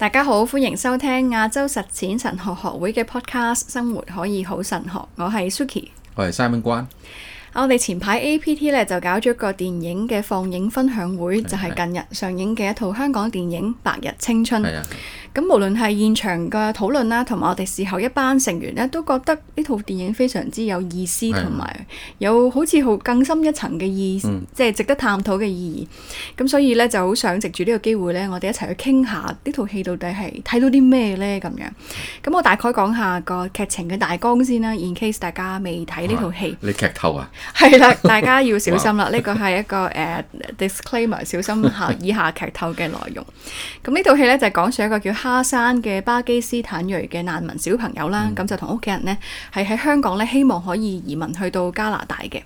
大家好，歡迎收聽亞洲實踐神學學會嘅 podcast《生活可以好神學》，我，我係 Sukyi，我係 Simon 關。我哋前排 APT 呢就搞咗一個電影嘅放映分享會，的就係近日上映嘅一套香港電影《白日青春》。咁無論係現場嘅討論啦，同埋我哋事後一班成員咧，都覺得呢套電影非常之有意思，同埋的有好似好更深一層嘅意思，嗯、即係值得探討嘅意義。咁所以咧，就好想藉住呢個機會咧，我哋一齊去傾下呢套戲到底係睇到啲咩咧？咁樣。咁我大概講下個劇情嘅大綱先啦，in case 大家未睇呢套戲，呢劇、啊、透啊，係啦， 大家要小心啦。呢個係一個誒、uh, disclaimer，小心下以下劇透嘅內容。咁 呢套戲咧就係講述一個叫哈山嘅巴基斯坦裔嘅難民小朋友啦，咁、嗯、就同屋企人呢，係喺香港呢，希望可以移民去到加拿大嘅。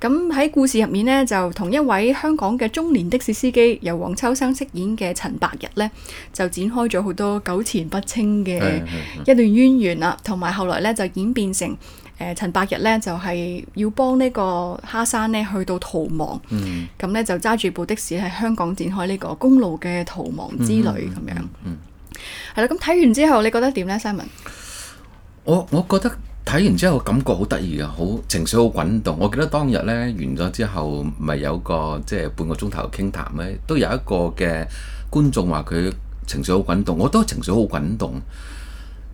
咁喺、嗯、故事入面呢，就同一位香港嘅中年的士司機，由黃秋生飾演嘅陳白日呢，就展開咗好多糾纏不清嘅一段淵源啦。同埋後來呢，就演變成，誒陳白日呢，就係要幫呢個哈山呢去到逃亡，咁、嗯、呢，就揸住部的士喺香港展開呢個公路嘅逃亡之旅咁樣。嗯嗯係啦，咁睇、嗯、完之後，你覺得點呢？Simon? Simon 我我覺得睇完之後感覺好得意啊，好情緒好滾動。我記得當日呢，完咗之後，咪有個即係半個鐘頭傾談咧，都有一個嘅觀眾話佢情緒好滾動，我都情緒好滾動。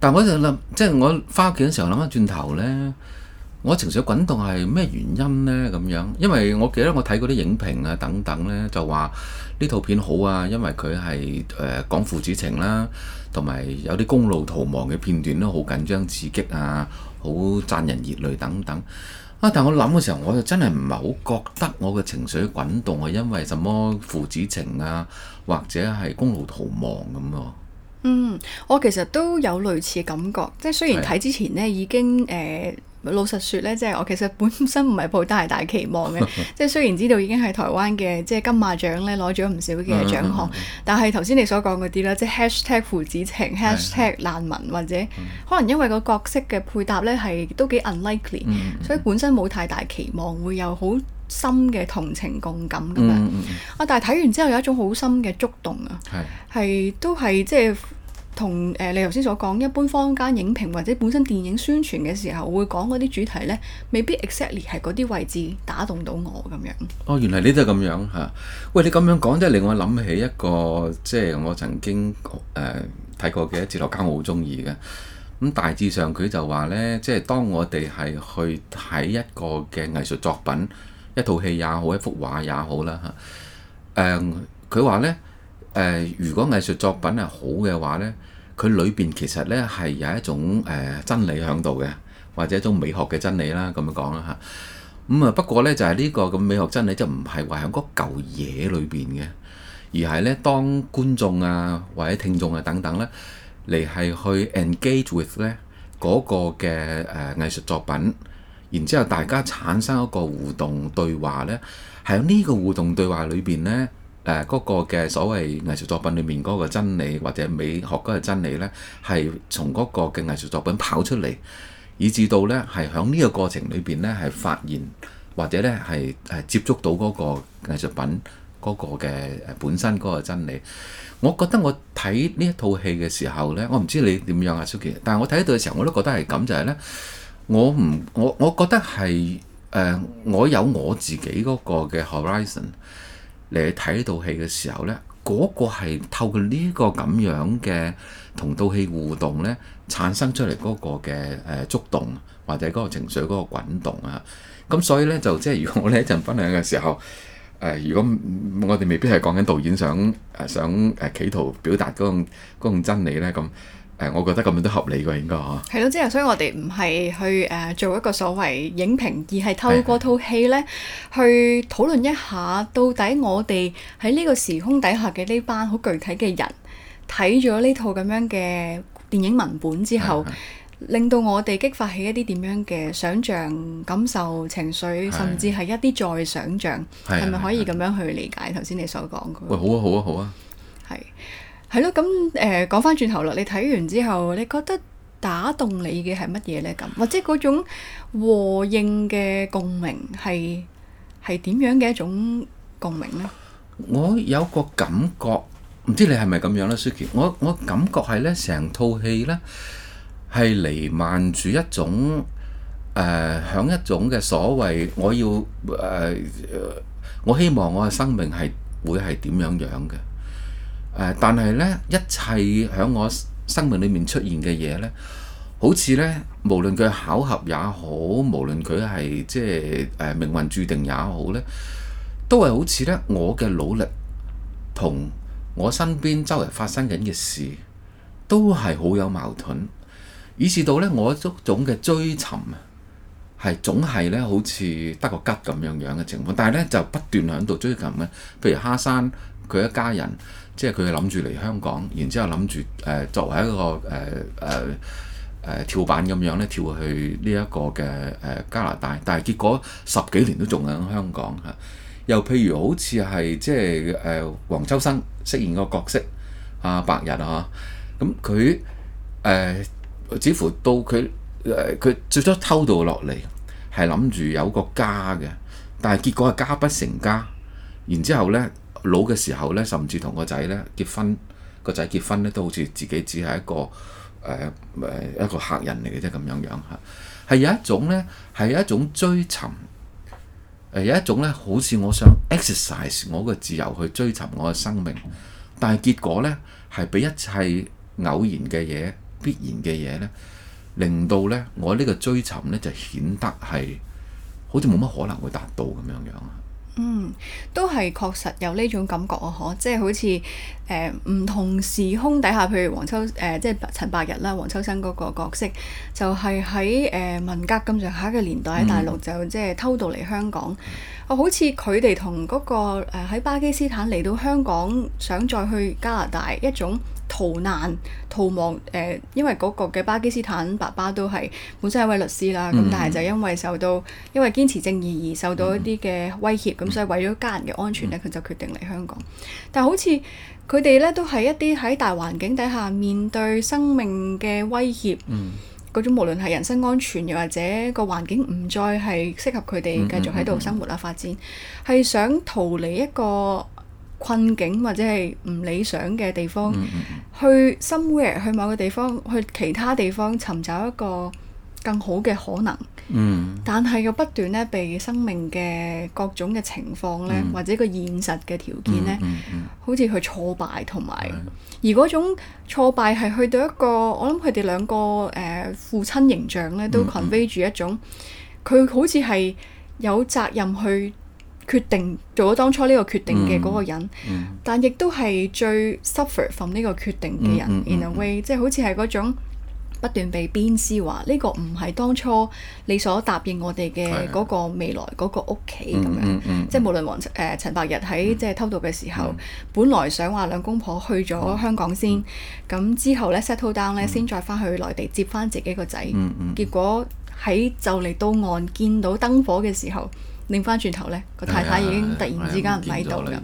但我就諗，即係我翻屋企嘅時候諗翻轉頭呢。我情緒滾動係咩原因呢？咁樣，因為我記得我睇嗰啲影評啊等等呢，就話呢套片好啊，因為佢係誒講父子情啦、啊，同埋有啲公路逃亡嘅片段都好緊張刺激啊，好賺人熱淚等等。啊、但我諗嘅時候，我就真係唔係好覺得我嘅情緒滾動係因為什麼父子情啊，或者係公路逃亡咁喎、啊。嗯，我其實都有類似嘅感覺，即係雖然睇之前呢已經誒。老實說咧，即係我其實本身唔係抱太大期望嘅。即係雖然知道已經係台灣嘅，即係金馬獎咧攞咗唔少嘅獎項，但係頭先你剛剛所講嗰啲啦，即係 Hashtag 父子情 Hashtag 難民或者可能因為個角色嘅配搭咧係都幾 unlikely， 所以本身冇太大期望會有好深嘅同情共感噉樣。 啊，但係睇完之後有一種好深嘅觸動啊，係都係即係。同誒、呃、你頭先所講，一般坊間影評或者本身電影宣傳嘅時候會講嗰啲主題呢，未必 exactly 係嗰啲位置打動到我咁樣。哦，原來你都係咁樣嚇、啊。喂，你咁樣講真係令我諗起一個，即係我曾經誒睇、呃、過嘅一節落間，我好中意嘅。咁大致上佢就話呢，即係當我哋係去睇一個嘅藝術作品，一套戲也好，一幅畫也好啦嚇。佢、啊、話呢，誒、呃、如果藝術作品係好嘅話呢。佢裏邊其實呢係有一種誒、呃、真理喺度嘅，或者一種美學嘅真理啦，咁樣講啦嚇。咁、嗯、啊不過呢就係、是、呢、這個咁美學真理就唔係話喺嗰嚿嘢裏邊嘅，而係呢當觀眾啊或者聽眾啊等等呢嚟係去 engage with 呢嗰、那個嘅誒、呃、藝術作品，然之後大家產生一個互動對話咧，喺呢個互動對話裏邊呢。誒嗰、呃嗰個嘅所謂藝術作品裏面嗰個真理或者美學嗰個真理呢，係從嗰個嘅藝術作品跑出嚟，以至到呢係喺呢個過程裏邊呢，係發現或者呢係係接觸到嗰個藝術品嗰、嗰個嘅本身嗰個真理。我覺得我睇呢一套戲嘅時候呢，我唔知你點樣啊，Sukyi 但係我睇到嘅時候我都覺得係咁，就係、係、呢。我唔我我覺得係誒、呃，我有我自己嗰個嘅 horizon。嚟睇呢套戲嘅時候呢，嗰、嗰個係透過呢個咁樣嘅同套戲互動呢，產生出嚟嗰個嘅誒觸動，或者嗰個情緒嗰個滾動啊。咁所以呢，就即係如果我哋一陣分享嘅時候，誒、呃、如果我哋未必係講緊導演想誒想誒企圖表達嗰種、嗰種真理呢。咁。誒，我覺得咁樣都合理嘅，應該嚇。係咯，即係所以我哋唔係去誒做一個所謂影評，而係透過套戲呢去討論一下到底我哋喺呢個時空底下嘅呢班好具體嘅人睇咗呢套咁樣嘅電影文本之後，的令到我哋激發起一啲點樣嘅想像、感受、情緒，甚至係一啲再想像，係咪可以咁樣去理解頭先你所講嘅？喂，好啊，好啊，好啊，係。係咯，咁誒講翻轉頭啦，你睇完之後，你覺得打動你嘅係乜嘢咧？咁或者嗰種和應嘅共鳴係係點樣嘅一種共鳴咧？我有個感覺，唔知你係咪咁樣咧，Sukyi。我我感覺係咧，成套戲咧係瀰漫住一種誒，響一種嘅所謂，我要誒，我希望我嘅生命係會係點樣樣嘅。.但係呢，一切喺我生命裏面出現嘅嘢呢，好似呢，無論佢巧合也好，無論佢係即係誒命運注定也好呢都係好似呢。我嘅努力同我身邊周圍發生緊嘅事，都係好有矛盾。以至到呢，我一種嘅追尋，係總係呢，好似得個吉咁樣樣嘅情況，但係呢，就不斷喺度追尋呢，譬如哈山佢一家人。即係佢諗住嚟香港，然之後諗住誒作為一個誒誒誒跳板咁樣咧，跳去呢一個嘅誒、呃、加拿大。但係結果十幾年都仲喺香港嚇、啊。又譬如好似係即係誒黃秋生飾演個角色啊白日啊，咁佢誒似乎到佢誒佢最多偷渡落嚟，係諗住有個家嘅，但係結果係家不成家，然之後咧。老嘅時候咧，甚至同個仔咧結婚，個仔結婚咧都好似自己只係一個誒、呃呃、一個客人嚟嘅啫咁樣樣吓，係有一種咧，係有一種追尋，有一種呢，好似我想 exercise 我嘅自由去追尋我嘅生命，但係結果呢，係俾一切偶然嘅嘢、必然嘅嘢呢，令到呢我呢個追尋呢，就顯得係好似冇乜可能會達到咁樣樣。嗯，都係確實有呢種感覺啊！呵，即係好似誒唔同時空底下，譬如黃秋誒、呃，即係陳白日啦，黃秋生嗰個角色就係喺誒文革咁上下嘅年代喺、嗯、大陸，就即係偷渡嚟香港。嗯、哦，好似佢哋同嗰個喺、呃、巴基斯坦嚟到香港，想再去加拿大一種。逃難、逃亡，誒、呃，因為嗰個嘅巴基斯坦爸爸都係本身係一位律師啦，咁、mm hmm. 但係就因為受到因為堅持正義而受到一啲嘅威脅，咁、mm hmm. 所以為咗家人嘅安全咧，佢、mm hmm. 就決定嚟香港。但係好似佢哋咧都係一啲喺大環境底下面對生命嘅威脅，嗰、mm hmm. 種無論係人身安全又或者個環境唔再係適合佢哋繼續喺度生活啊、mm hmm. 發展，係想逃離一個。困境或者係唔理想嘅地方，mm hmm. 去 somewhere 去某個地方，去其他地方尋找一個更好嘅可能。嗯、mm，hmm. 但係又不斷咧被生命嘅各種嘅情況咧，mm hmm. 或者個現實嘅條件咧，mm hmm. 好似去挫敗同埋。Mm hmm. 而嗰種挫敗係去到一個，我諗佢哋兩個誒、呃、父親形象咧，都 convey 住一種佢、mm hmm. 好似係有責任去。決定做咗當初呢個決定嘅嗰個人，mm hmm. 但亦都係最 suffer from 呢個決定嘅人。Mm hmm. In a way，即係好似係嗰種不斷被鞭屍，話、這、呢個唔係當初你所答應我哋嘅嗰個未來嗰個屋企咁、mm hmm. 樣。Mm hmm. 即係無論黃誒、呃、陳白日喺即係偷渡嘅時候，mm hmm. 本來想話兩公婆去咗香港先，咁、mm hmm. 之後呢 settle down 呢，先再翻去內地接翻自己個仔。Mm hmm. 結果喺就嚟到岸見到燈火嘅時候。擰翻轉頭咧，個太太已經突然之間唔喺度啦，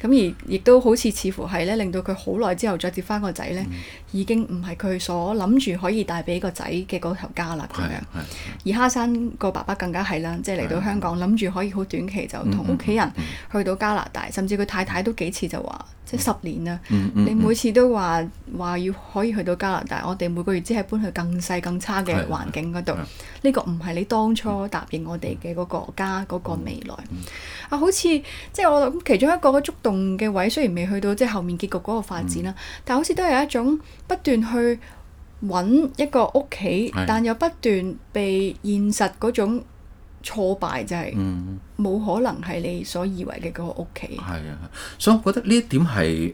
咁、 嗯、而亦都好似似乎係咧，令到佢好耐之後再接翻個仔咧，嗯、已經唔係佢所諗住可以帶俾個仔嘅嗰頭家啦咁、嗯、樣。嗯嗯、而哈山個爸爸更加係啦，嗯、即係嚟到香港諗住、嗯、可以好短期就同屋企人去到加拿大，嗯嗯、甚至佢太太都幾次就話。即十年啦，嗯嗯、你每次都話話、嗯、要可以去到加拿大，我哋每個月只係搬去更細、更差嘅環境嗰度，呢、嗯嗯、個唔係你當初答應我哋嘅嗰個家嗰個未來。啊、嗯，嗯、好似即係我諗，其中一個嘅觸動嘅位，雖然未去到即係後面結局嗰個發展啦，嗯、但好似都係一種不斷去揾一個屋企，嗯、但又不斷被現實嗰種。挫敗就係、是，冇、嗯、可能係你所以為嘅嗰個屋企。係啊，所以我覺得呢一點係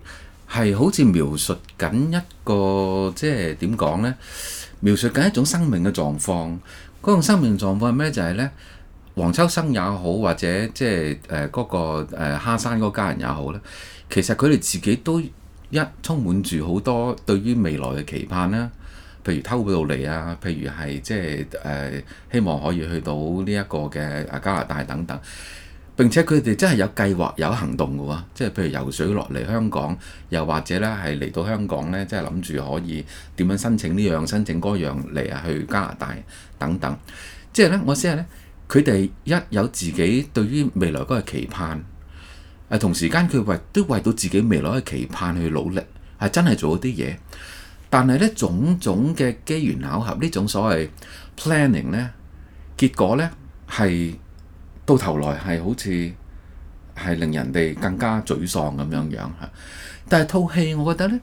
係好似描述緊一個即係點講呢？描述緊一種生命嘅狀況。嗰、嗯、種生命狀況係咩？就係、是、呢黃秋生也好，或者即係誒嗰個誒哈山嗰家人也好咧，其實佢哋自己都一充滿住好多對於未來嘅期盼啦、啊。譬如偷渡嚟啊，譬如係即係誒，希望可以去到呢一個嘅啊加拿大等等。並且佢哋真係有計劃、有行動嘅喎，即係譬如游水落嚟香港，又或者呢係嚟到香港呢，即係諗住可以點樣申請呢樣、申請嗰樣嚟啊，去加拿大等等。即係呢，我先係呢，佢哋一有自己對於未來嗰個期盼，啊同時間佢為都為到自己未來嘅期盼去努力，係真係做咗啲嘢。但係咧，種種嘅機緣巧合，呢種所謂 planning 咧，結果咧係到頭來係好似係令人哋更加沮喪咁樣樣嚇。但係套戲，我覺得咧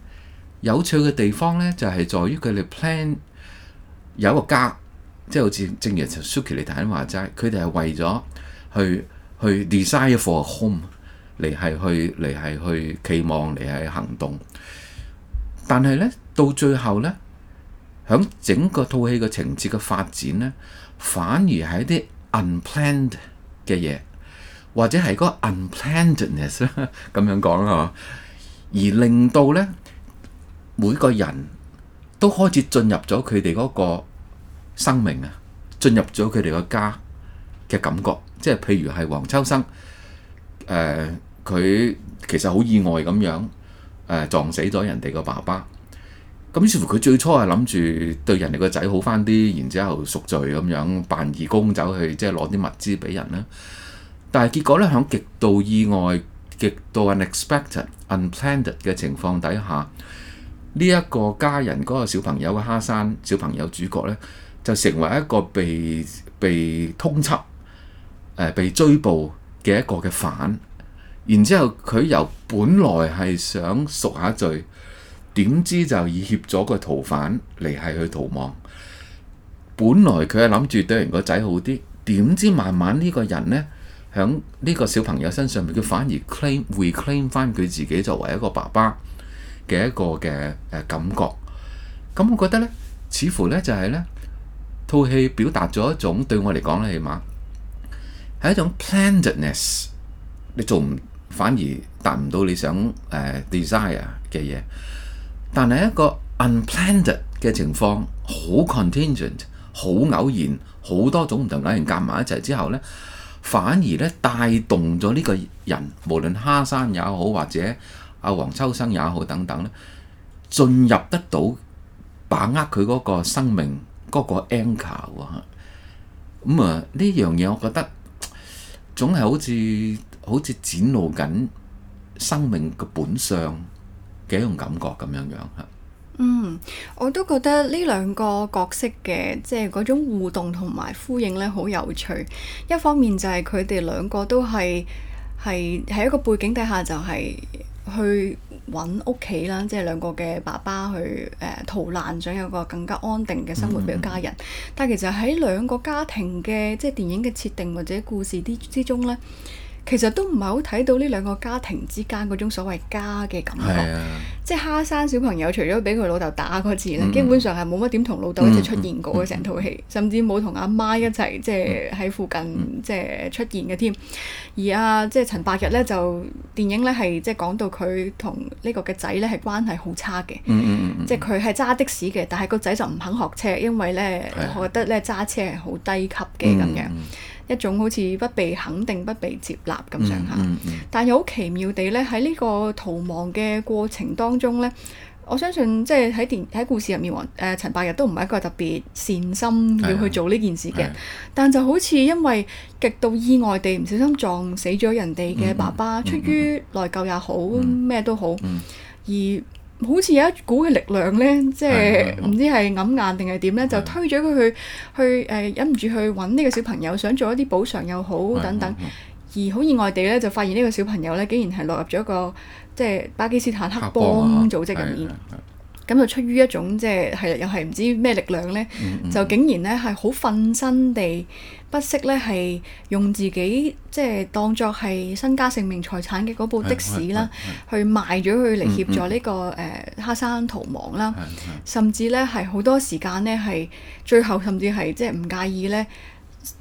有趣嘅地方咧，就係、是、在於佢哋 plan ning, 有個家，即係好似正如 Sukyi 你頭先話齋，佢哋係為咗去去 desire for a home 嚟係去嚟係去期望嚟係行動，但係咧。到最後呢，響整個套戲嘅情節嘅發展呢，反而係一啲 unplanned 嘅嘢，或者係嗰個 unplannedness 咁樣講啦，嗬。而令到呢，每個人都開始進入咗佢哋嗰個生命啊，進入咗佢哋個家嘅感覺，即係譬如係黃秋生佢、呃、其實好意外咁樣撞死咗人哋個爸爸。咁似乎佢最初係諗住對人哋個仔好翻啲，然之後贖罪咁樣，扮義工走去即係攞啲物資俾人啦。但係結果呢，喺極度意外、極度 unexpected、unplanned 嘅情況底下，呢一個家人嗰個小朋友嘅哈山小朋友主角呢，就成為一個被被通緝、呃、被追捕嘅一個嘅犯。然之後佢由本來係想贖下罪。點知就以協咗個逃犯嚟係去逃亡。本來佢係諗住對人個仔好啲，點知慢慢呢個人呢，響呢個小朋友身上面，佢反而 claim reclaim 翻佢自己作為一個爸爸嘅一個嘅感覺。咁我覺得呢，似乎呢就係、是、呢套戲表達咗一種對我嚟講呢起碼係一種 plannedness，你做唔反而達唔到你想 desire 嘅嘢。呃但係一個 unplanned 嘅情況，好 contingent，好偶然，好多種唔同偶然夾埋一齊之後呢，反而呢，帶動咗呢個人，無論哈山也好，或者阿黃秋生也好等等呢，進入得到，把握佢嗰個生命嗰個 anchor 咁啊，呢樣嘢，我覺得總係好似好似展露緊生命嘅本相。嘅一種感覺咁樣樣，嗯，我都覺得呢兩個角色嘅即係嗰種互動同埋呼應呢，好有趣。一方面就係佢哋兩個都係係係一個背景底下就，就係去揾屋企啦，即係兩個嘅爸爸去誒、呃、逃難，想有個更加安定嘅生活俾家人。嗯、但其實喺兩個家庭嘅即係電影嘅設定或者故事之之中呢。其實都唔係好睇到呢兩個家庭之間嗰種所謂家嘅感覺，啊、即係哈山小朋友除咗俾佢老豆打過次咧，嗯、基本上係冇乜點同老豆一齊出現過嘅成套戲，甚至冇同阿媽一齊即係喺附近、嗯、即係出現嘅添。而阿、啊、即係陳白日咧就電影咧係、嗯嗯嗯、即係講到佢同呢個嘅仔咧係關係好差嘅，即係佢係揸的士嘅，但係個仔就唔肯學車，因為咧我覺得咧揸車係好低級嘅咁樣。嗯一種好似不被肯定、不被接納咁上下，mm hmm. 但又好奇妙地咧喺呢個逃亡嘅過程當中呢，我相信即係喺電喺故事入面黃誒、呃、陳白日都唔係一個特別善心要去做呢件事嘅，mm hmm. 但就好似因為極度意外地唔小心撞死咗人哋嘅爸爸，mm hmm. 出於內疚也好，咩、mm hmm. 都好、mm hmm. 而。好似有一股嘅力量呢，即係唔知係揞眼定係點呢，的就推咗佢去去誒、呃、忍唔住去揾呢個小朋友，想做一啲補償又好等等。的而好意外地呢，就發現呢個小朋友呢，竟然係落入咗一個即係巴基斯坦黑幫、啊、組織入面。咁就出於一種即係係又係唔知咩力量呢，嗯嗯、就竟然呢係好瞓身地不惜呢係用自己即係當作係身家性命財產嘅嗰部的士啦，嗯嗯嗯、去賣咗佢嚟協助呢、呢個誒、嗯嗯呃、哈山逃亡啦，嗯嗯、甚至呢係好多時間呢，係最後甚至係即係唔介意呢。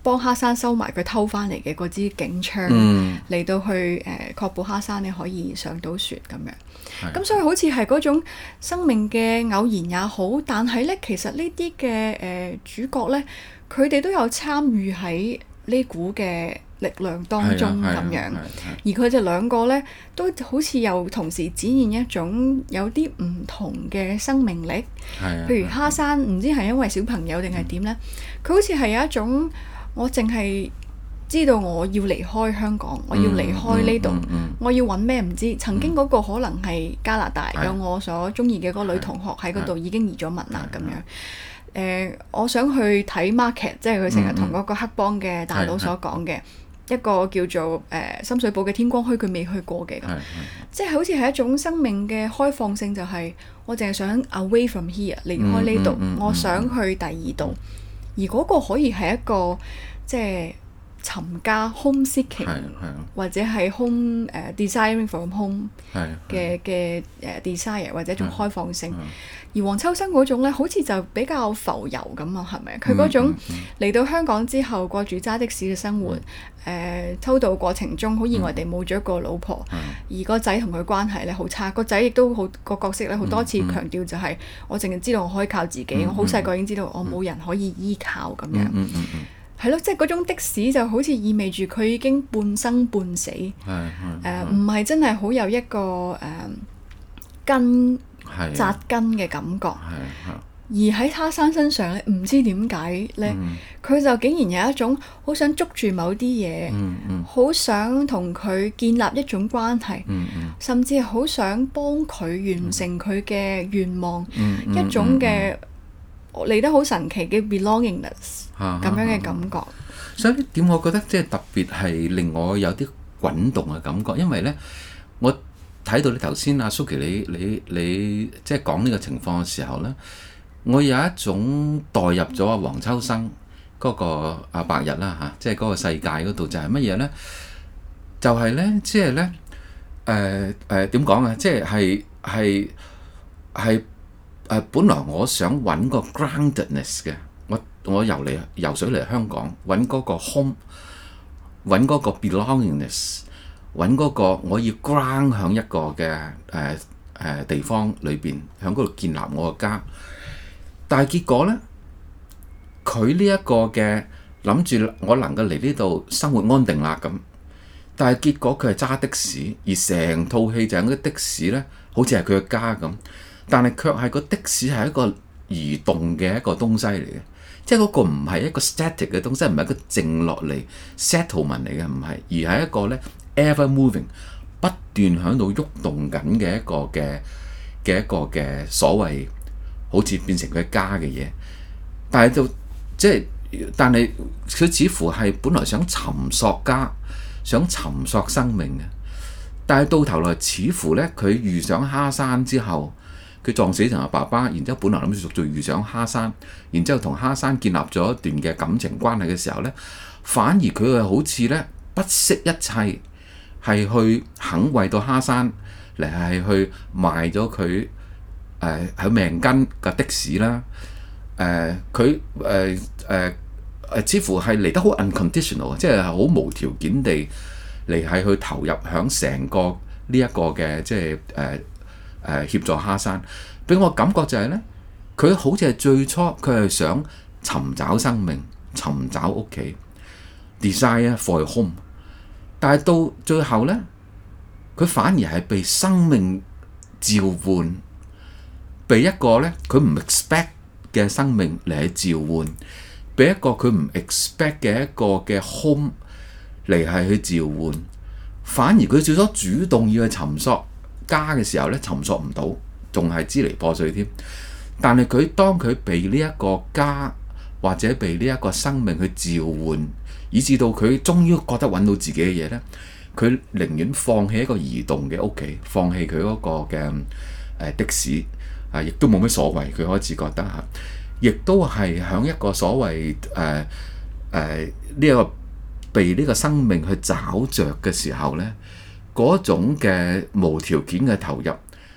幫哈山收埋佢偷翻嚟嘅嗰支警槍，嚟、嗯、到去誒、呃、確保哈山你可以上到船咁樣。咁的、嗯、所以好似係嗰種生命嘅偶然也好，但係咧其實呢啲嘅誒主角咧，佢哋都有參與喺呢股嘅力量當中咁樣。的而佢哋兩個咧都好似又同時展現一種有啲唔同嘅生命力。譬的如哈山唔的知係因為小朋友定係點咧，佢、嗯、好似係有一種。我淨係知道我要離開香港，我要離開呢度，我要揾咩唔知。曾經嗰個可能係加拿大有我所中意嘅嗰個女同學喺嗰度已經移咗民啦咁樣。我想去睇 market，即係佢成日同嗰個黑幫嘅大佬所講嘅一個叫做誒深水埗嘅天光墟，佢未去過嘅。咁即係好似係一種生命嘅開放性，就係我淨係想 away from here，離開呢度，我想去第二度。而嗰個可以係一個，即係。尋家 （home seeking） 或者係 home 誒 desiring for home 嘅嘅誒 desire，或者一種開放性。而黃秋生嗰種咧，好似就比較浮遊咁啊，係咪？佢嗰種嚟到香港之後過住揸的士嘅生活，誒，偷渡過程中好意外地冇咗一個老婆，而個仔同佢關係咧好差，個仔亦都好個角色咧好多次強調就係我淨係知道我可以靠自己，我好細個已經知道我冇人可以依靠咁樣。係咯，即係嗰種的士就好似意味住佢已經半生半死，誒唔係真係好有一個誒、呃、根扎根嘅感覺，而喺哈山身上咧，唔知點解咧，佢、嗯、就竟然有一種好想捉住某啲嘢，好、嗯嗯、想同佢建立一種關係，嗯嗯嗯、甚至好想幫佢完成佢嘅願望，一種嘅。嗯嗯嗯嗯嗯嚟得好神奇嘅 belongingness，咁樣嘅感覺。所以點？我覺得即係特別係令我有啲滾動嘅感覺，因為呢，我睇到你頭先阿 Suki 你你你即係講呢個情況嘅時候呢，我有一種代入咗阿黃秋生嗰個阿白日啦嚇，即係嗰個世界嗰度就係乜嘢呢？就係呢，即係呢，誒誒點講啊？即係係係。誒，本來我想揾個 groundedness 嘅，我我遊嚟遊水嚟香港揾嗰個 home，揾嗰個 belongingness，揾嗰個我要 ground 響一個嘅誒誒地方裏邊，響嗰度建立我嘅家。但係結果呢，佢呢一個嘅諗住我能夠嚟呢度生活安定啦咁。但係結果佢係揸的士，而成套戲就係啲的士呢，好似係佢嘅家咁。但係卻係個的士係一個移動嘅一個東西嚟嘅，即係嗰個唔係一個 static 嘅東西，唔係一個靜落嚟 settlement 嚟嘅，唔係，而係一個呢 ever moving 不斷喺度喐動緊嘅一個嘅嘅一個嘅所謂好似變成佢家嘅嘢，但係就即係但係佢似乎係本來想尋索家，想尋索生命嘅，但係到頭來似乎呢，佢遇上哈山之後。佢撞死成個爸爸，然之後本來諗住去遇上哈山，然之後同哈山建立咗一段嘅感情關係嘅時候呢，反而佢係好似呢不惜一切係去肯為到哈山嚟係去賣咗佢誒喺命根嘅的士啦，誒佢誒誒誒似乎係嚟得好 unconditional，即係好無條件地嚟係去投入響成個呢一個嘅即係誒。誒協助哈山，俾我感覺就係呢。佢好似係最初佢係想尋找生命、尋找屋企，desire for home。但係到最後呢，佢反而係被生命召喚，被一個呢，佢唔 expect 嘅生命嚟去召喚，俾一個佢唔 expect 嘅一個嘅 home 嚟係去召喚，反而佢少咗主動要去尋索。家嘅時候呢，尋索唔到，仲係支離破碎添。但係佢當佢被呢一個家，或者被呢一個生命去召喚，以至到佢終於覺得揾到自己嘅嘢呢，佢寧願放棄一個移動嘅屋企，放棄佢嗰個嘅的、呃、的士啊，亦、呃、都冇咩所謂。佢開始覺得嚇，亦都係響一個所謂誒呢一個被呢個生命去找着嘅時候呢。嗰種嘅無條件嘅投入，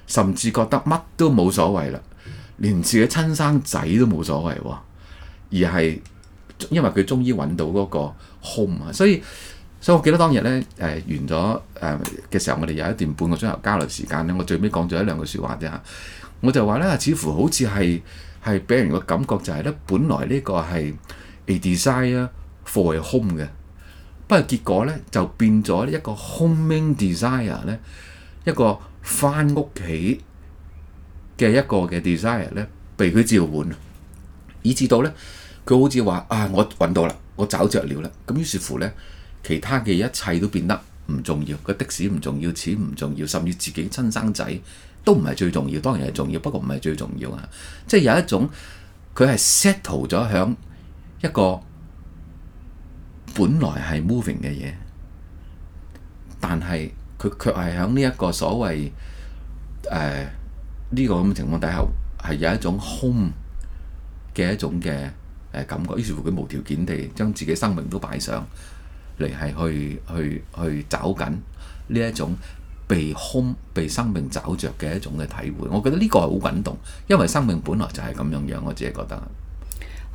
甚至覺得乜都冇所謂啦，連自己親生仔都冇所謂喎，而係因為佢終於揾到嗰個 home 啊，所以所以我記得當日呢，誒、呃、完咗誒嘅時候，我哋有一段半個鐘頭交流時間呢，我最尾講咗一兩句説話啫嚇，我就話呢，似乎好似係係俾人個感覺就係、是、呢，本來呢個係 a desire for a home 嘅。不過結果呢，就變咗一個 homing desire 呢，一個翻屋企嘅一個嘅 desire 呢被佢召喚，以至到呢，佢好似話啊我揾到啦，我找着了啦。咁於是乎呢，其他嘅一切都變得唔重要，個的士唔重要，錢唔重要，甚至自己親生仔都唔係最重要，當然係重要，不過唔係最重要啊。即係有一種佢係 settle 咗喺一個。本來係 moving 嘅嘢，但係佢卻係喺呢一個所謂誒呢個咁情況底下，係有一種空嘅一種嘅誒感覺，於是乎佢無條件地將自己生命都擺上嚟，係去去去找緊呢一種被空、被生命找着嘅一種嘅體會。我覺得呢個係好滾動，因為生命本來就係咁樣樣。我自己覺得。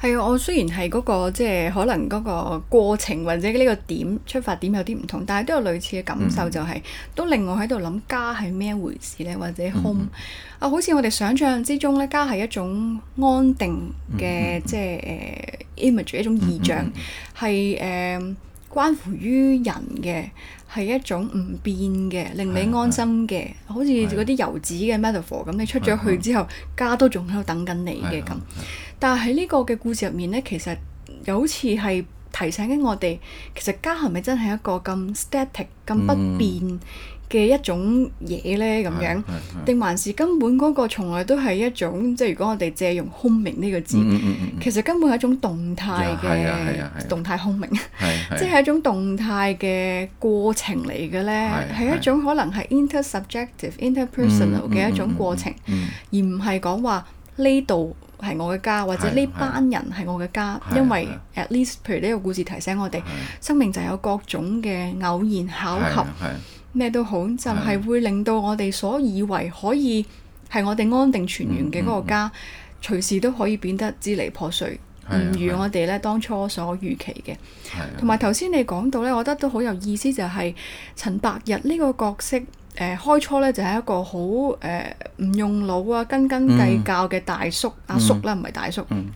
係啊，我雖然係嗰、嗰個即係可能嗰個過程或者呢個點出發點有啲唔同，但係都有類似嘅感受，mm hmm. 就係都令我喺度諗家係咩回事呢？或者 home？Mm hmm. 啊，好似我哋想象之中呢家係一種安定嘅、mm hmm. 即係誒、uh, image 一種意象，係誒、mm。Hmm. 關乎於人嘅係一種唔變嘅，令你安心嘅，的好似嗰啲油紙嘅 metaphor 咁，的你出咗去之後，的家都仲喺度等緊你嘅咁。但係喺呢個嘅故事入面呢，其實又好似係提醒緊我哋，其實家係咪真係一個咁 static、咁不變？嗯嘅一種嘢呢，咁樣，定還是根本嗰個從來都係一種，即係如果我哋借用「homing」呢個字，其實根本係一種動態嘅動態 homing，即係一種動態嘅過程嚟嘅呢，係一種可能係 intersubjective、interpersonal 嘅一種過程，而唔係講話呢度係我嘅家，或者呢班人係我嘅家，因為 at least，譬如呢個故事提醒我哋，生命就有各種嘅偶然巧合。咩都好，就係、是、會令到我哋所以為可以係我哋安定全員嘅嗰個家，嗯嗯、隨時都可以變得支離破碎，唔、嗯嗯、如我哋咧、嗯嗯、當初所預期嘅。同埋頭先你講到咧，我覺得都好有意思，就係陳白日呢個角色，誒、呃、開初咧就係一個好誒唔用腦啊、斤斤計較嘅大叔阿叔啦，唔係大叔。嗯嗯嗯嗯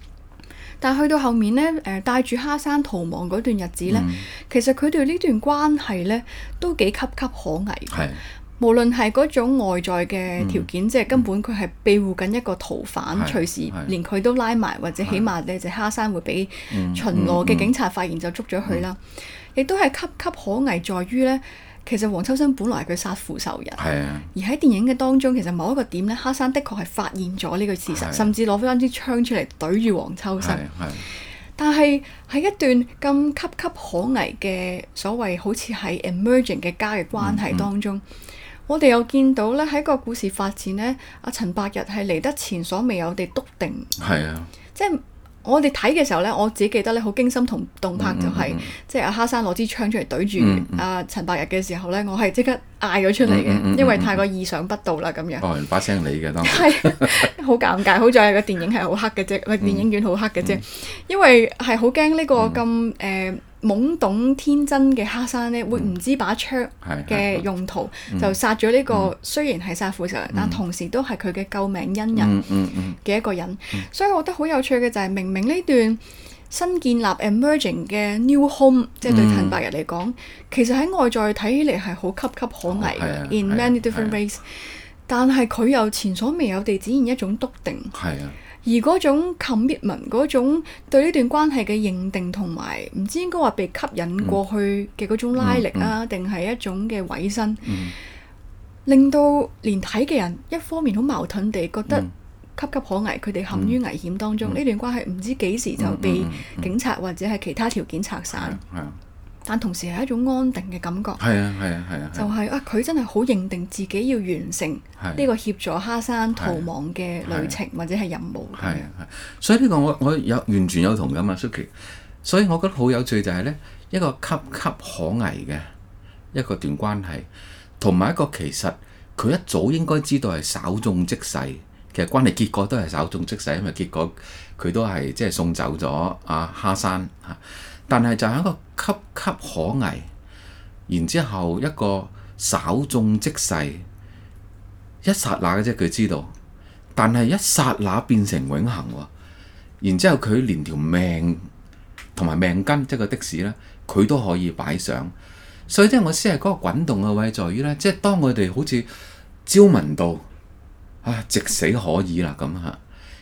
但係去到後面咧，誒、呃、帶住哈山逃亡嗰段日子咧，嗯、其實佢哋呢段關係咧都幾岌岌可危。是無論係嗰種外在嘅條件，嗯、即係根本佢係庇護緊一個逃犯，隨是時連佢都拉埋，是或者起碼咧隻哈山會俾巡邏嘅警察發現、嗯、就捉咗佢啦。亦、嗯嗯嗯、都係岌岌可危，在於咧。其實黃秋生本來係佢殺父仇人，啊、而喺電影嘅當中，其實某一個點咧，哈山的確係發現咗呢個事實，啊、甚至攞翻支槍出嚟對住黃秋生。啊啊、但係喺一段咁岌岌可危嘅所謂好似係 emerging 嘅家嘅關係當中，嗯嗯、我哋又見到咧喺個故事發展呢，阿陳白日係嚟得前所未有地篤定，係啊，嗯、即係。我哋睇嘅時候呢，我自己記得咧好驚心同動魄就係、是，嗯嗯、即係阿哈山攞支槍出嚟對住阿、嗯嗯啊、陳白日嘅時候呢，我係即刻嗌咗出嚟嘅，嗯嗯嗯、因為太過意想不到啦咁樣。哦，把聲你嘅當時係 好尷尬，好在個電影係好黑嘅啫，個、嗯、電影院好黑嘅啫，嗯、因為係好驚呢個咁誒。嗯嗯懵懂天真嘅哈山咧，會唔知把槍嘅用途，嗯、就殺咗呢、這個、嗯、雖然係殺父仇人，但同時都係佢嘅救命恩人嘅一個人。嗯嗯嗯、所以我覺得好有趣嘅就係、是，明明呢段新建立 emerging 嘅 new home，即係對陳白日嚟講，嗯、其實喺外在睇起嚟係好岌岌可危嘅。哦啊、in many different ways,、啊啊啊、 但係佢又前所未有地展現一種篤定。係啊。而嗰種 commitment，嗰種對呢段關係嘅認定同埋，唔知應該話被吸引過去嘅嗰種拉力啊，定係一種嘅委身，令到連睇嘅人一方面好矛盾地覺得岌岌可危，佢哋陷於危險當中。嗯嗯嗯、呢段關係唔知幾時就被警察或者係其他條件拆散。但同時係一種安定嘅感覺。係啊係啊係啊！就係啊，佢真係好認定自己要完成呢個協助哈山逃亡嘅旅程或者係任務。係啊係，所以呢個我我有完全有同感啊，Sukyi。所以我覺得好有趣就係呢一個岌岌可危嘅一個段關係，同埋一個其實佢一早應該知道係稍縱即逝，其實關係，結果都係稍縱即逝，因為結果佢都係即係送走咗啊哈山嚇。但係就係一個岌岌可危，然之後一個稍縱即逝，一剎那嘅啫，佢知道。但係一剎那變成永恆喎，然之後佢連條命同埋命根即個、就是、的士呢，佢都可以擺上。所以即係我先係嗰個滾動嘅位在於，在於呢，即係當我哋好似朝聞道啊，夕死可以啦咁嚇，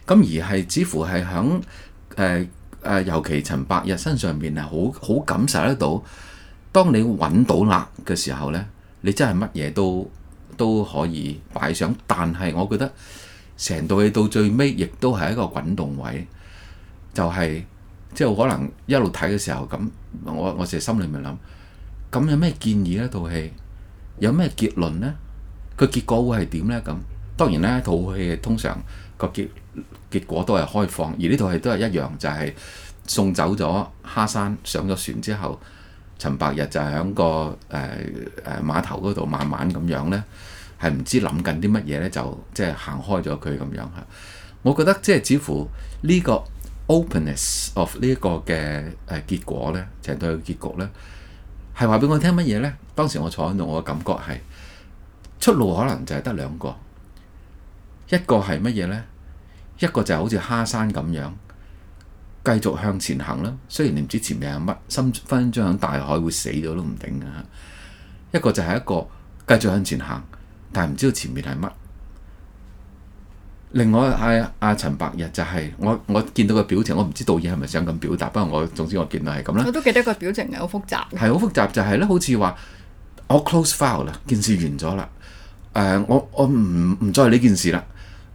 咁而係似乎係響誒。呃誒，尤其陳白日身上邊係好好感受得到，當你揾到辣嘅時候呢，你真係乜嘢都都可以擺上。但係我覺得成套戲到最尾亦都係一個滾動位，就係、是、即係可能一路睇嘅時候咁，我我就心裏面諗，咁有咩建議呢？套戲有咩結論呢？個結果會係點呢？咁當然啦，套戲通常。個結結果都係開放，而呢套戲都係一樣，就係、是、送走咗哈山上咗船之後，陳白日就係喺、個誒誒碼頭嗰度慢慢咁樣呢，係唔知諗緊啲乜嘢呢，就即係行開咗佢咁樣嚇。我覺得即係似乎呢個 openness of 呢一個嘅誒結果咧，成套嘅結局呢係話俾我聽乜嘢呢？當時我坐喺度，我嘅感覺係出路可能就係得兩個。一個係乜嘢呢？一個就係好似哈山咁樣，繼續向前行啦。雖然你唔知前面係乜，心分分鐘響大海會死咗都唔定噶。一個就係一個繼續向前行，但係唔知道前面係乜。另外係阿、啊啊、陳白日就係、是、我我見到個表情，我唔知導演係咪想咁表達。不過我總之我見到係咁啦。我都記得個表情係好複雜，係好複雜就係、是、咧，好似話我 close file 啦，件事完咗啦、呃。我我唔唔再係呢件事啦。誒，呢、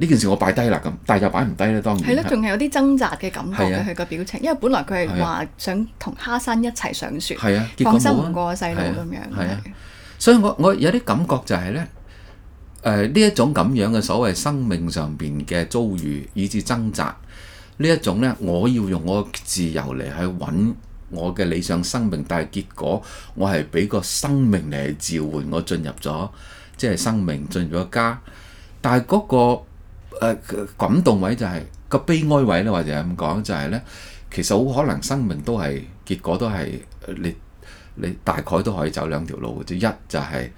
呃、件事我擺低啦，咁但係又擺唔低咧，當然係咯，仲係有啲掙扎嘅感覺佢個的表情，因為本來佢係話想同哈山一齊上船，放心唔過細路咁樣，所以我我有啲感覺就係、是、咧，誒呢一種咁樣嘅所謂生命上邊嘅遭遇，以至掙扎呢一種咧，我要用我嘅自由嚟去搵我嘅理想生命，但係結果我係俾個生命嚟召喚我進入咗，即係生命進入咗家。但係嗰、那個、呃、感動位就係、是那個悲哀位啦，或者咁講就係、是、咧，其實好可能生命都係結果都係你你大概都可以走兩條路嘅啫。一就係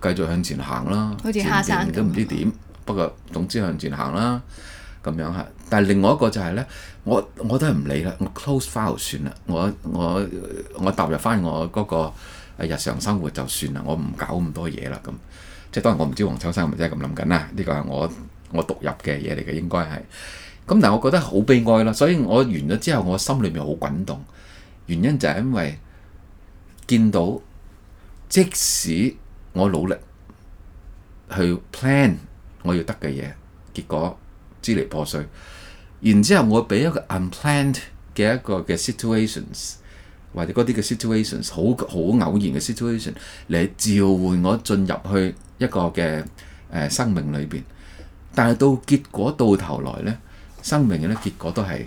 繼續向前行啦，好似下山前面都唔知點。嗯、不過總之向前行啦，咁樣嚇。但係另外一個就係、是、咧，我我都係唔理啦，我 close file 就算啦。我我我踏入翻我嗰個日常生活就算啦，我唔搞咁多嘢啦咁。即係當然我唔知黃秋生係咪真係咁諗緊啦。呢個係我我讀入嘅嘢嚟嘅，應該係。咁但係我覺得好悲哀啦，所以我完咗之後，我心裏面好滾動。原因就係因為見到即使我努力去 plan 我要得嘅嘢，結果支離破碎。然之後我俾一個 unplanned 嘅一個嘅 situations。或者嗰啲嘅 situations，好好偶然嘅 situation，嚟召喚我進入去一個嘅誒、呃、生命裏邊。但係到結果到頭來呢，生命嘅咧結果都係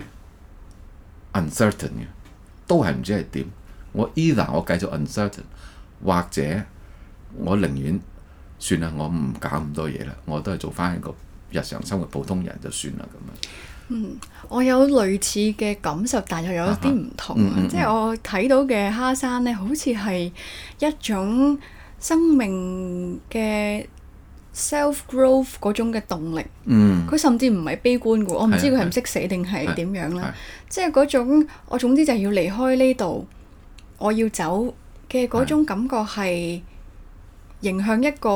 uncertain 嘅，都係唔知係點。我 either 我繼續 uncertain，或者我寧願算啦，我唔搞咁多嘢啦，我都係做翻一個日常生活普通人就算啦咁樣。嗯，我有類似嘅感受，但又有啲唔同、啊、嗯嗯嗯。即係我睇到嘅哈山咧，好似係一種生命嘅 self-growth 嗰種嘅動力。嗯，佢甚至唔係悲觀嘅，我唔知佢係唔識死定係點樣啦。啊啊、即係嗰種，我總之就係要離開呢度，我要走嘅嗰種感覺係。迎向一個，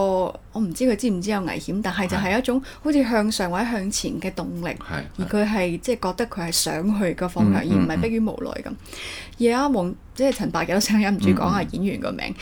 我唔知佢知唔知有危險，但係就係一種好似向上或者向前嘅動力，是是而佢係是是 即係覺得佢係想去個方向，嗯嗯、而唔係迫於無奈咁。而阿、嗯嗯 yeah，王即係陳白日都想忍唔住講下演員個名嘅、嗯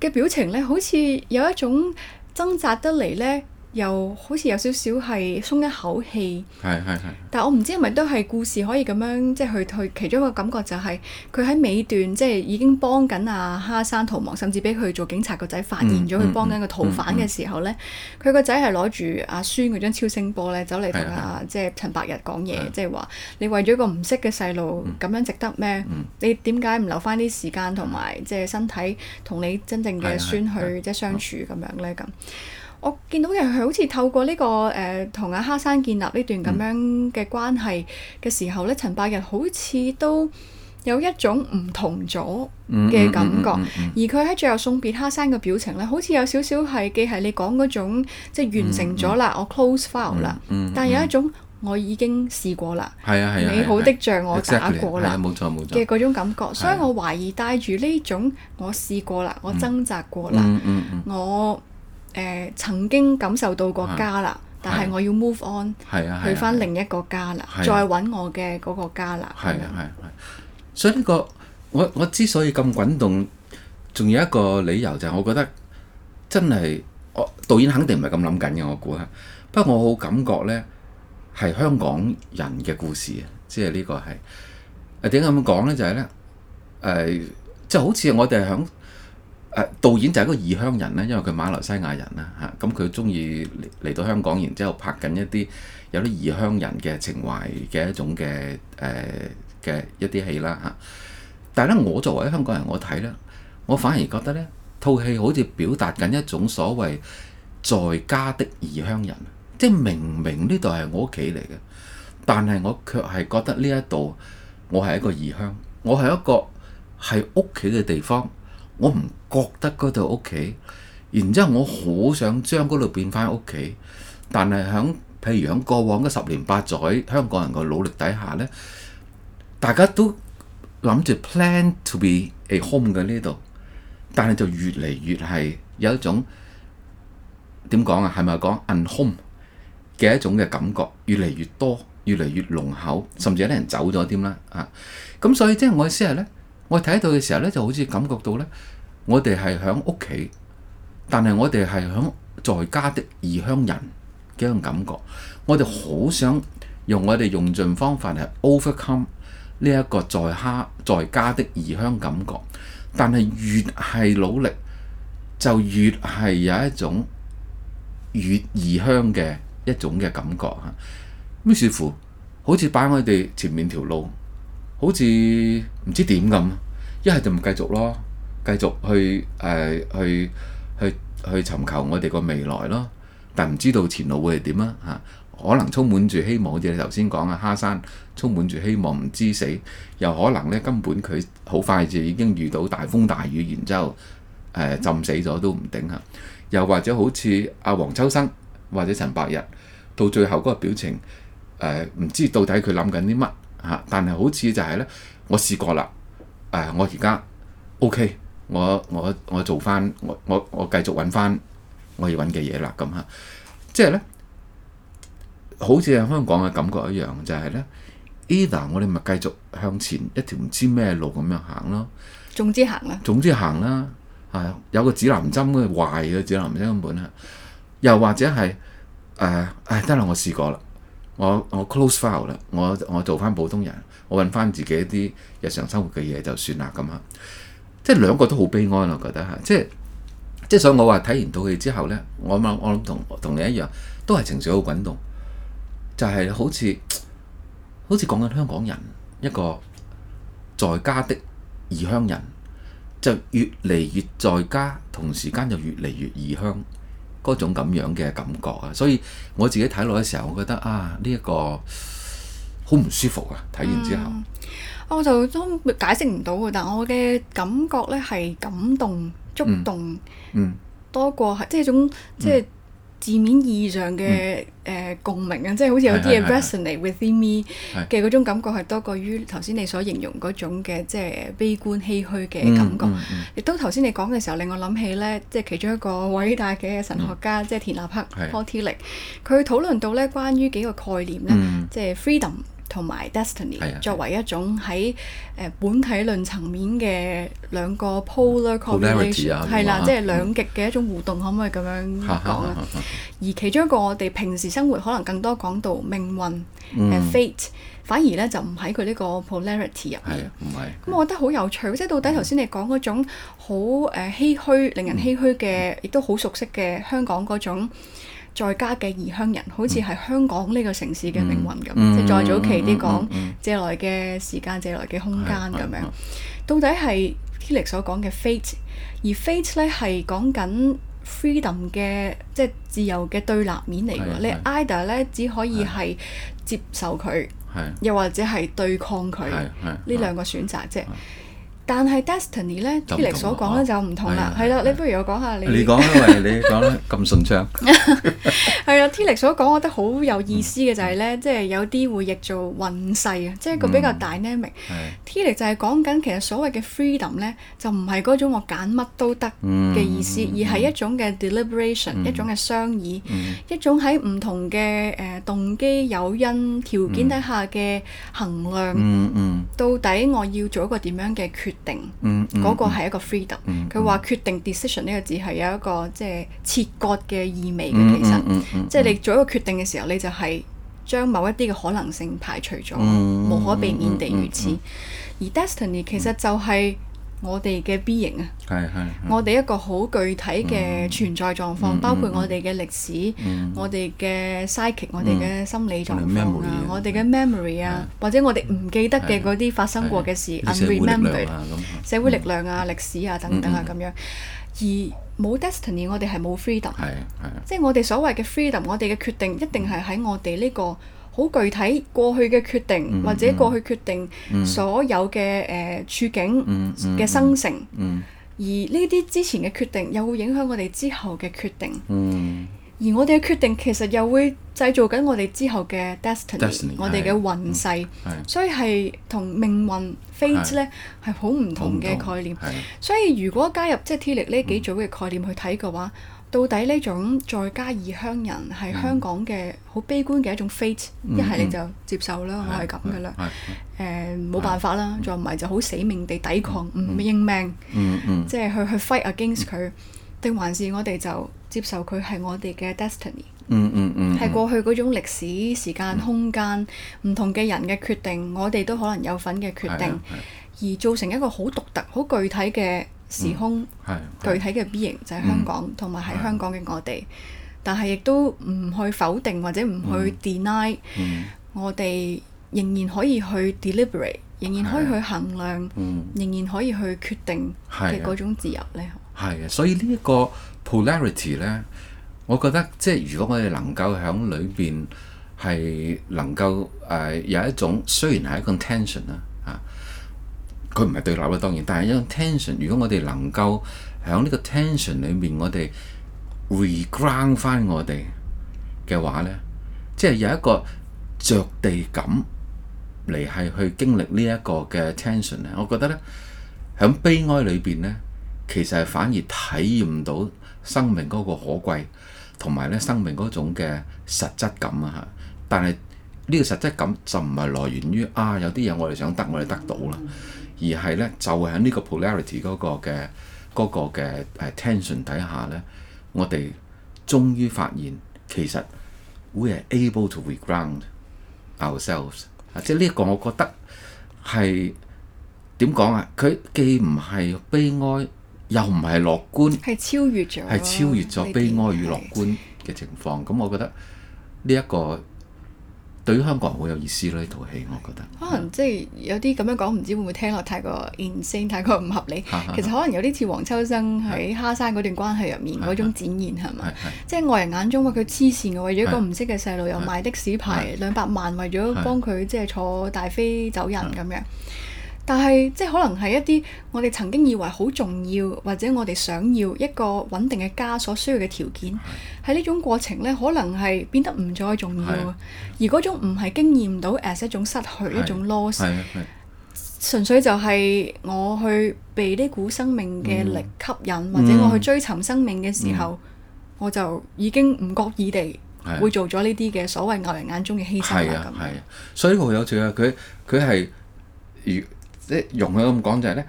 嗯、表情咧，好似有一種掙扎得嚟咧。又好似有少少係鬆一口氣，係係但係我唔知係咪都係故事可以咁樣，即係去去其中一個感覺就係佢喺尾段即係已經幫緊阿哈山逃亡，甚至俾佢做警察個仔發現咗佢幫緊個逃犯嘅時候、嗯嗯嗯嗯啊、呢，佢個仔係攞住阿孫嗰張超聲波呢走嚟同阿即係陳白日講嘢，即係話你為咗個唔識嘅細路咁樣值得咩？嗯嗯、你點解唔留翻啲時間同埋即係身體同你真正嘅孫去即係相處咁樣呢？」咁。我見到嘅佢好似透過呢個誒同阿哈山建立呢段咁樣嘅關係嘅時候咧，陳白日好似都有一種唔同咗嘅感覺。而佢喺最後送別哈山嘅表情咧，好似有少少係既係你講嗰種即係完成咗啦，我 close file 啦。但有一種我已經試過啦，係啊係美好的仗我打過啦，冇錯冇錯嘅嗰種感覺。所以我懷疑帶住呢種我試過啦，我掙扎過啦，我。誒曾經感受到個家啦，但係我要 move on，去翻另一個家啦，再揾我嘅嗰個家啦。係啊係啊，所以呢個我我之所以咁滾動，仲有一個理由就係我覺得真係，我導演肯定唔係咁諗緊嘅，我估下。不過我好感覺咧係香港人嘅故事啊，即係呢個係誒點解咁講咧，就係咧誒，即係好似我哋響。誒導演就係一個異鄉人咧，因為佢馬來西亞人啦嚇，咁佢中意嚟到香港，然之後拍緊一啲有啲異鄉人嘅情懷嘅一種嘅誒嘅一啲戲啦嚇、嗯。但係咧，我作為香港人，我睇呢，我反而覺得呢套戲好似表達緊一種所謂在家的異鄉人，即係明明呢度係我屋企嚟嘅，但係我卻係覺得呢一度我係一個異鄉，我係一個係屋企嘅地方。我唔覺得嗰度屋企，然之後我好想將嗰度變翻屋企，但係喺譬如喺過往嘅十年八載香港人嘅努力底下呢，大家都諗住 plan to be a home 嘅呢度，但係就越嚟越係有一種點講啊，係咪講 un home 嘅一種嘅感覺，越嚟越多，越嚟越濃厚，甚至有啲人走咗添啦，咁所以即係我意思係呢。我睇到嘅時候咧，就好似感覺到咧，我哋係響屋企，但係我哋係響在家的異鄉人嘅一種感覺。我哋好想用我哋用盡方法嚟 overcome 呢一個在家在家的異鄉感覺，但係越係努力，就越係有一種越異鄉嘅一種嘅感覺啊！於是乎，好似把我哋前面條路。好似唔知點咁，一係就唔繼續咯，繼續去誒、呃、去去去尋求我哋個未來咯，但唔知道前路會係點啊嚇！可能充滿住希望，好似你頭先講啊，哈山充滿住希望唔知死，又可能呢，根本佢好快就已經遇到大風大雨，然之後、呃、浸死咗都唔定嚇、啊。又或者好似阿、啊、黃秋生或者陳白日，到最後嗰個表情唔、呃、知到底佢諗緊啲乜？但係好似就係、是、呢，我試過啦。誒、呃，我而家 OK，我我我做翻，我我我繼續揾翻我要揾嘅嘢啦。咁嚇，即係呢，好似香港嘅感覺一樣，就係、是、，Either 我哋咪繼續向前一條唔知咩路咁樣行咯。總之行啦、啊。總之行啦、啊。係，有個指南針嘅壞嘅指南針根本啦。又或者係誒誒，得、呃、啦、哎，我試過啦。我 close file，我 close file 啦，我我做翻普通人，我揾翻自己啲日常生活嘅嘢就算啦咁樣，即係兩個都好悲哀啊，我覺得嚇，即係即係所以我，我話睇完套戲之後呢，我諗我諗同同你一樣，都係情緒好滾動，就係、是、好似好似講緊香港人一個在家的異鄉人，就越嚟越在家，同時間就越嚟越異鄉。嗰種咁樣嘅感覺啊，所以我自己睇落嘅時候，我覺得啊，呢、這、一個好唔舒服啊！睇完之後，嗯、我就都解釋唔到喎。但我嘅感覺呢係感動觸動，嗯嗯、多過係即係一種即係。就是嗯字面意義上嘅誒共鳴啊，即係好似有啲嘢 resonate within me 嘅嗰種感覺係多過於頭先你所形容嗰種嘅、嗯、即係悲觀唏噓嘅感覺。嗯嗯嗯、亦都頭先你講嘅時候令我諗起咧，即係其中一個偉大嘅神學家、嗯、即係田立克 Paul Tillich 佢討論到咧關於幾個概念咧，嗯、即係 freedom。同埋 destiny、啊、作為一種喺誒本體論層面嘅兩個 polar combination 係啦、啊，即係、啊嗯、兩極嘅一種互動，可唔可以咁樣講啊？啊啊啊啊而其中一個我哋平時生活可能更多講到命運誒、嗯 uh, fate，反而咧就唔喺佢呢個 polarity 入面。係啊，唔係。咁、嗯、我覺得好有趣，即係到底頭先你講嗰種好誒唏噓、令人唏噓嘅，亦、嗯、都好熟悉嘅香港嗰種。在家嘅異鄉人，好似係香港呢個城市嘅命運咁，即係再早期啲講借來嘅時間、借來嘅空間咁樣。到底係 Kylie 所講嘅 fate，而 fate 呢係講緊 freedom 嘅即係自由嘅對立面嚟㗎。你 Ida 呢，只可以係接受佢，又或者係對抗佢呢兩個選擇啫。但係 Destiny 咧，Tilik 所講咧就唔同啦，係啦，你不如我講下你。你講因為你講得咁順暢。係啦，Tilik 所講我覺得好有意思嘅就係咧，即係有啲會譯做運勢啊，即係一個比較 dynamic。Tilik 就係講緊其實所謂嘅 freedom 咧，就唔係嗰種我揀乜都得嘅意思，而係一種嘅 deliberation，一種嘅商議，一種喺唔同嘅誒動機、誘因條件底下嘅衡量。嗯嗯。到底我要做一個點樣嘅決定，嗰、嗯嗯、個係一個 freedom。佢話決定 decision 呢個字係有一個即係、就是、切割嘅意味嘅，其實、嗯嗯嗯、即係你做一個決定嘅時候，你就係將某一啲嘅可能性排除咗，嗯嗯、無可避免地如此。而 destiny 其實就係、是。我哋嘅 B 型啊，我哋一個好具體嘅存在狀況，包括我哋嘅歷史，我哋嘅 psychic，我哋嘅心理狀況啊，我哋嘅 memory 啊，或者我哋唔記得嘅嗰啲發生過嘅事，unremembered，社會力量啊，歷史啊等等啊咁樣。而冇 destiny，我哋係冇 freedom，即係我哋所謂嘅 freedom，我哋嘅決定一定係喺我哋呢個。好具體過去嘅決定，或者過去決定、嗯、所有嘅誒、呃、處境嘅生成，嗯嗯嗯、而呢啲之前嘅決定又會影響我哋之後嘅決定，嗯、而我哋嘅決定其實又會製造緊我哋之後嘅 destiny，Destiny，我哋嘅運勢，對所以係同命運 fate 咧係好唔同嘅概念。所以如果加入即係 teach 呢幾組嘅概念去睇嘅話，到底呢種在家異鄉人係香港嘅好悲觀嘅一種 fate，一係你就接受啦，我係咁噶啦，誒冇辦法啦，再唔係就好死命地抵抗，唔認命，即係去去 fight against 佢，定還是我哋就接受佢係我哋嘅 destiny？嗯嗯嗯，係過去嗰種歷史、時間、空間唔同嘅人嘅決定，我哋都可能有份嘅決定，而造成一個好獨特、好具體嘅。時空，嗯、具體嘅 B 型就係香港，同埋喺香港嘅我哋，嗯、但係亦都唔去否定或者唔去 deny，嗯、我哋仍然可以去 deliberate，嗯、仍然可以去衡量，嗯、仍然可以去決定嘅嗰種自由咧。係啊，啊，所以呢一個 polarity 呢，我覺得即係如果我哋能夠喺裏邊係能夠誒、呃、有一種雖然係一 o t e n s i o n 啦，嚇。佢唔係對立啦，當然，但係因為 tension，如果我哋能夠喺呢個 tension 裏面我，我哋 reground 翻我哋嘅話呢，即係有一個着地感嚟係去經歷呢一個嘅 tension 咧，我覺得呢，喺悲哀裏邊呢，其實係反而體驗到生命嗰個可貴，同埋呢生命嗰種嘅實質感，實質感啊！嚇，但係呢個實質感就唔係來源於啊有啲嘢我哋想得，我哋得到啦。嗯而係咧，就會喺呢個 polarity 嗰個嘅嗰個嘅誒 tension 底下咧，我哋終於發現其實 we are able to reground ourselves 啊，即係呢一個，我覺得係點講啊？佢既唔係悲哀，又唔係樂觀，係超越咗，係超越咗悲哀與樂觀嘅情況。咁我覺得呢一個。對於香港人好有意思咯，呢套戲我覺得。可能即係有啲咁樣講，唔知會唔會聽落太過 insane，太過唔合理。其實可能有啲似黃秋生喺哈山嗰段關係入面嗰種展現係咪？即係外人眼中話佢黐線嘅，為咗一個唔識嘅細路，又賣的士牌兩百萬，為咗幫佢即係坐大飛走人咁樣。但係，即係可能係一啲我哋曾經以為好重要，或者我哋想要一個穩定嘅家所需要嘅條件，喺呢種過程呢，可能係變得唔再重要。而嗰種唔係經驗到，係一種失去，一種 loss。純粹就係我去被呢股生命嘅力吸引，或者我去追尋生命嘅時候，我就已經唔覺意地會做咗呢啲嘅所謂外人眼中嘅犧牲。係所以好有趣啊！佢佢係即用佢咁講就係咧，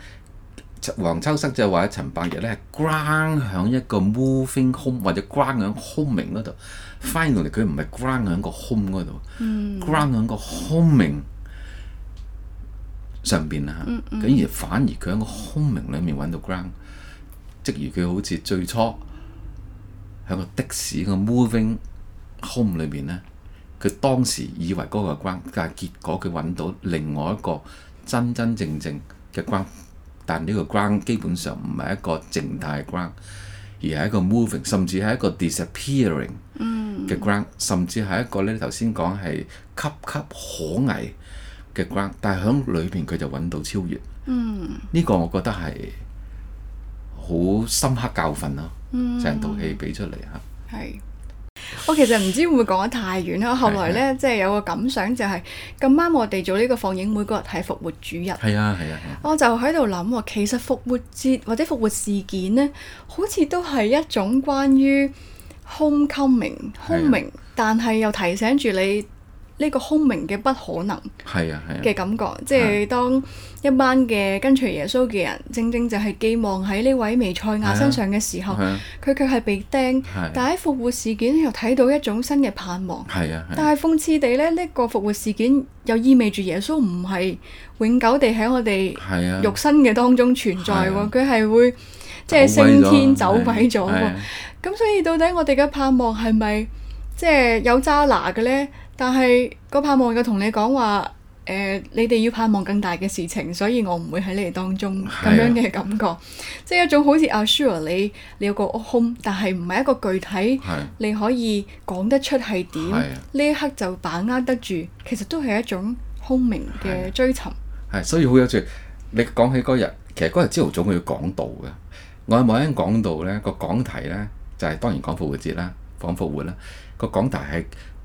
黃秋生就話：陳白日咧係 ground 響一個 moving home 或者 ground 響 homing 嗰度。Finally 佢唔係 ground 響個 home 嗰度、嗯、ground 響個 homing 上邊啦。嚇、嗯嗯，竟然反而佢喺個 homing 裏面揾到 ground。即如佢好似最初喺個的士個 moving home 裏面咧，佢當時以為嗰個 ground，但係結果佢揾到另外一個。真真正正嘅 ground，但呢個 ground 基本上唔係一個靜態 ground，而係一個 moving，甚至係一個 disappearing 嘅 ground、嗯、甚至係一個你頭先講係岌岌可危嘅 ground，但係喺裏面，佢就揾到超越。嗯，呢個我覺得係好深刻教訓咯、啊，成套戲俾出嚟嚇、啊。係。我其實唔知會唔會講得太遠啦。後來咧，是啊、即係有個感想就係、是，咁啱我哋做呢個放映會，嗰日係復活主日。係啊係啊係。我就喺度諗其實復活節或者復活事件咧，好似都係一種關於是、啊、homecoming，homecoming 但係又提醒住你。呢個空明嘅不可能，嘅感覺，即係當一班嘅跟隨耶穌嘅人，正正就係寄望喺呢位彌賽亞身上嘅時候，佢卻係被釘。但喺復活事件又睇到一種新嘅盼望。但係諷刺地呢，呢個復活事件又意味住耶穌唔係永久地喺我哋肉身嘅當中存在喎，佢係會即係升天走鬼咗。咁所以到底我哋嘅盼望係咪即係有揸拿嘅呢？但係、個盼望又同你講話，誒、呃，你哋要盼望更大嘅事情，所以我唔會喺你哋當中咁樣嘅感覺，即係的一種好似 assure 你，你有個屋空，但係唔係一個具體的你可以講得出係點，呢的一刻就把握得住，其實都係一種空明嘅追尋。係，所以好有趣。你講起嗰日，其實嗰日朝頭早佢要講道嘅，我係冇得講道咧。個講題咧、那個、就係、是、當然講復活節啦，講復活啦。個講題係。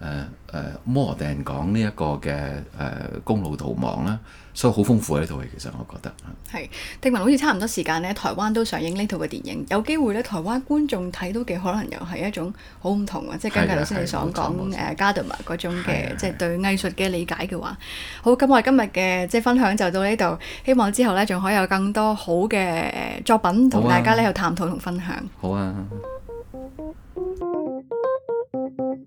誒誒，摩羅迪人講呢一個嘅誒公路逃亡啦，所以好豐富嘅呢套戲，其實我覺得係。聽聞好似差唔多時間呢，台灣都上映呢套嘅電影，有機會咧，台灣觀眾睇到嘅可能又係一種好唔同嘅，即係根據頭先你講誒加德瑪嗰種嘅，即係對藝術嘅理解嘅話。好，咁我哋今日嘅即係分享就到呢度，希望之後咧仲可以有更多好嘅作品同大家咧有探討同分享。好啊。好啊。